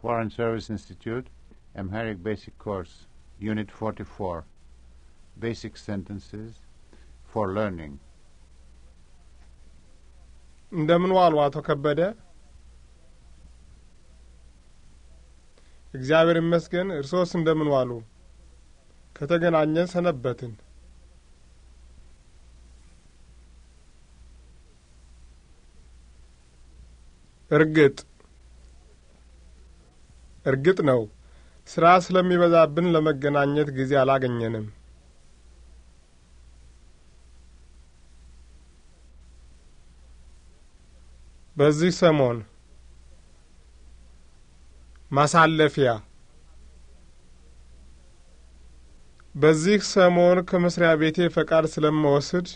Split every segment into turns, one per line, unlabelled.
Foreign Service Institute, Amharic Basic Course, Unit 44, Basic Sentences for Learning. እንደምን ዋሉ አቶ ከበደ? እግዚአብሔር ይመስገን። እርሶስ እንደምን ዋሉ? ከተገናኘን ሰነበትን። እርግጥ እርግጥ ነው ሥራ ስለሚበዛብን ለመገናኘት ጊዜ አላገኘንም። በዚህ ሰሞን ማሳለፊያ በዚህ ሰሞን ከመስሪያ ቤቴ ፈቃድ ስለምወስድ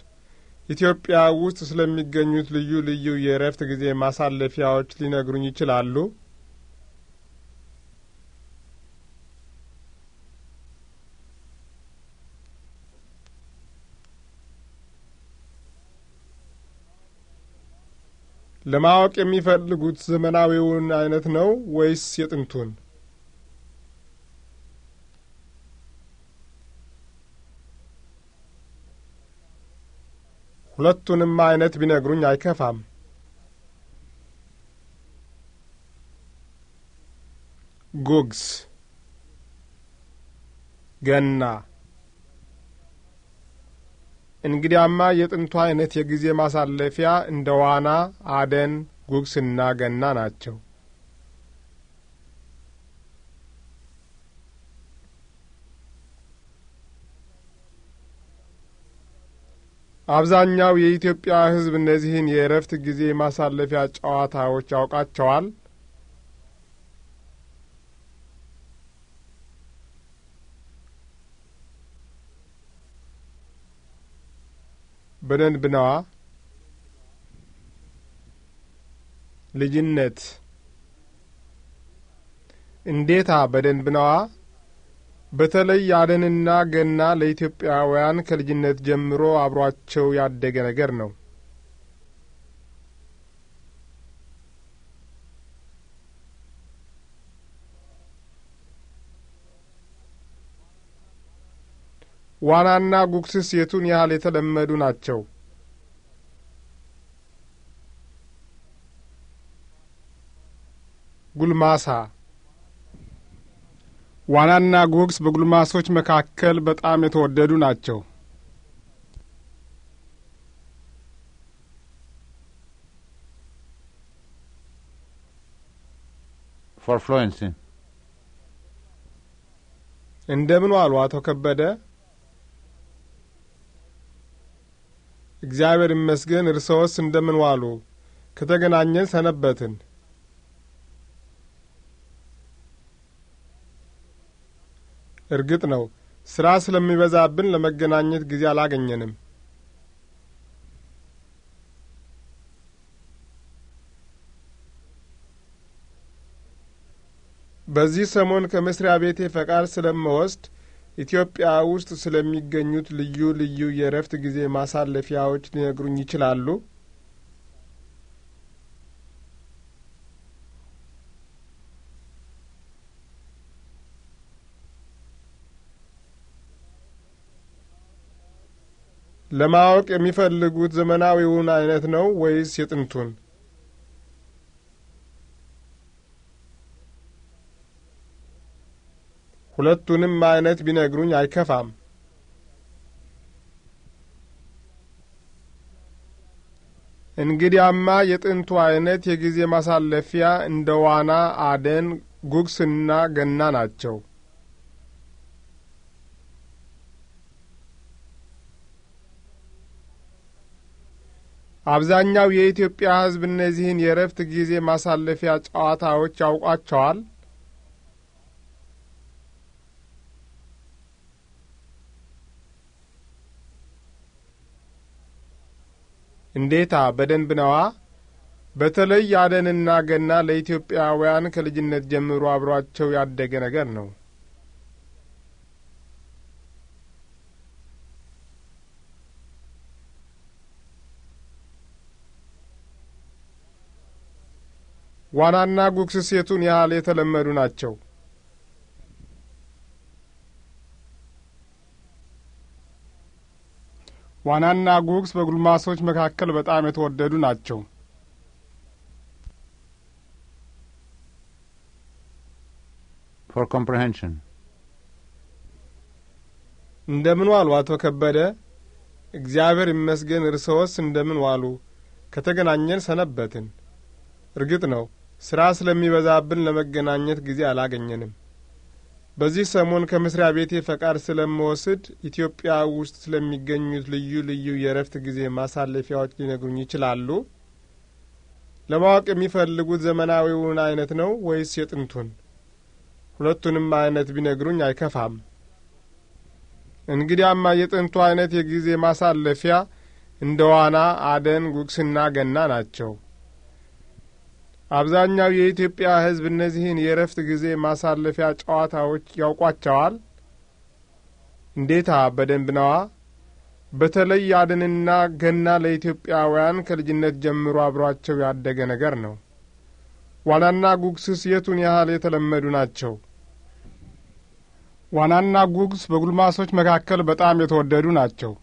ኢትዮጵያ ውስጥ ስለሚገኙት ልዩ ልዩ የእረፍት ጊዜ ማሳለፊያዎች ሊነግሩኝ ይችላሉ? ለማወቅ የሚፈልጉት ዘመናዊውን አይነት ነው ወይስ የጥንቱን? ሁለቱንም አይነት ቢነግሩኝ አይከፋም። ጉግስ ገና እንግዲያማ የጥንቱ አይነት የጊዜ ማሳለፊያ እንደ ዋና፣ አደን፣ ጉግስና ገና ናቸው። አብዛኛው የኢትዮጵያ ሕዝብ እነዚህን የእረፍት ጊዜ ማሳለፊያ ጨዋታዎች ያውቃቸዋል። በደንብ ነዋ። ልጅነት እንዴታ! በደንብ ነዋ። በተለይ አደንና ገና ለኢትዮጵያውያን ከልጅነት ጀምሮ አብሯቸው ያደገ ነገር ነው። ዋናና ጉግስስ የቱን ያህል የተለመዱ ናቸው? ጉልማሳ ዋናና ጉግስ በጉልማሶች መካከል በጣም የተወደዱ ናቸው። እንደምን ዋሉ አቶ ከበደ? እግዚአብሔር ይመስገን። እርስዎስ እንደምን ዋሉ? ከተገናኘን ሰነበትን። እርግጥ ነው ስራ ስለሚበዛብን ለመገናኘት ጊዜ አላገኘንም። በዚህ ሰሞን ከመስሪያ ቤቴ ፈቃድ ስለምወስድ ኢትዮጵያ ውስጥ ስለሚገኙት ልዩ ልዩ የእረፍት ጊዜ ማሳለፊያዎች ሊነግሩኝ ይችላሉ? ለማወቅ የሚፈልጉት ዘመናዊውን አይነት ነው ወይስ የጥንቱን? ሁለቱንም አይነት ቢነግሩኝ አይከፋም። እንግዲያማ የጥንቱ አይነት የጊዜ ማሳለፊያ እንደ ዋና፣ አደን፣ ጉግስና ገና ናቸው። አብዛኛው የኢትዮጵያ ሕዝብ እነዚህን የእረፍት ጊዜ ማሳለፊያ ጨዋታዎች ያውቋቸዋል። እንዴታ! በደንብ ነዋ። በተለይ አደንና ገና ለኢትዮጵያውያን ከልጅነት ጀምሮ አብሯቸው ያደገ ነገር ነው። ዋናና ጉግስ ሴቱን ያህል የተለመዱ ናቸው። ዋናና ጉግስ በጉልማሶች መካከል በጣም የተወደዱ ናቸው። ፎር ኮምፕሬንሽን እንደምን ዋሉ አቶ ከበደ? እግዚአብሔር ይመስገን። እርስዎስ እንደምን ዋሉ? ከተገናኘን ሰነበትን። እርግጥ ነው ሥራ ስለሚበዛብን ለመገናኘት ጊዜ አላገኘንም። በዚህ ሰሞን ከመስሪያ ቤቴ ፈቃድ ስለምወስድ ኢትዮጵያ ውስጥ ስለሚገኙት ልዩ ልዩ የእረፍት ጊዜ ማሳለፊያዎች ሊነግሩኝ ይችላሉ? ለማወቅ የሚፈልጉት ዘመናዊውን አይነት ነው ወይስ የጥንቱን? ሁለቱንም አይነት ቢነግሩኝ አይከፋም። እንግዲያማ የጥንቱ አይነት የጊዜ ማሳለፊያ እንደ ዋና፣ አደን፣ ጉግስና ገና ናቸው። አብዛኛው የኢትዮጵያ ሕዝብ እነዚህን የእረፍት ጊዜ ማሳለፊያ ጨዋታዎች ያውቋቸዋል? እንዴታ! በደንብ ነዋ። በተለይ አድንና ገና ለኢትዮጵያውያን ከልጅነት ጀምሮ አብሯቸው ያደገ ነገር ነው። ዋናና ጉግስስ የቱን ያህል የተለመዱ ናቸው? ዋናና ጉግስ በጉልማሶች መካከል በጣም የተወደዱ ናቸው።